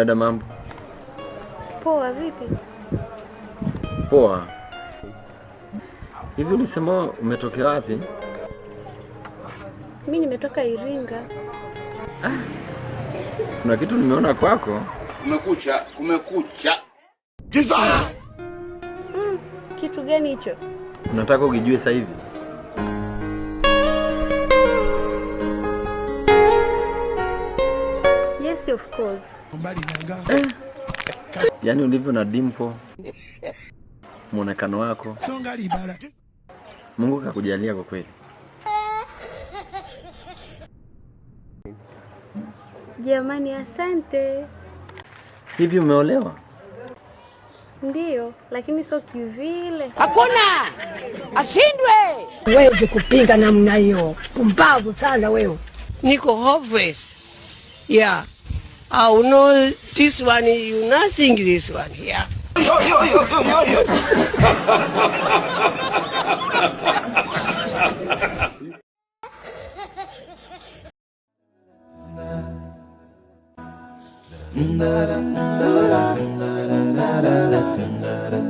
Dada, mambo poa? Vipi? Poa. Hivi ulisema umetokea wapi? Mimi nimetoka Iringa. Ah, kuna kitu nimeona kwako. Kumekucha, kumekucha. Jisa! Mm, kitu gani hicho? Unataka ukijue sasa hivi? Yesi, of course. Yaani ulivyo na dimpo, mwonekano wako, Mungu kakujalia kwa kweli. Jamani, asante. Hivi umeolewa? Ndiyo, lakini sio kivile. Hakuna ashindwe, huwezi kupinga namna hiyo. Pumbavu sana wewe. Niko hopeless. Yeah. I oh, know this one, you nothing this one here.